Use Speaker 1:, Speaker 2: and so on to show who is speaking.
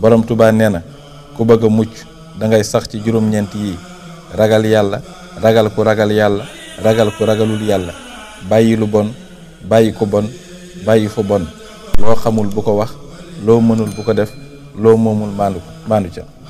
Speaker 1: borom tubaa nee na ku bëgg a mucc da ngay sax ci juróom-ñeent yi ragal yàlla ragal ku ragal yàlla ragal ku ragalul yàlla bàyyi lu bon bàyyi ku bon bàyyi fu bon loo xamul bu ko wax loo mënul bu ko def
Speaker 2: loo moomul maandu maandu ca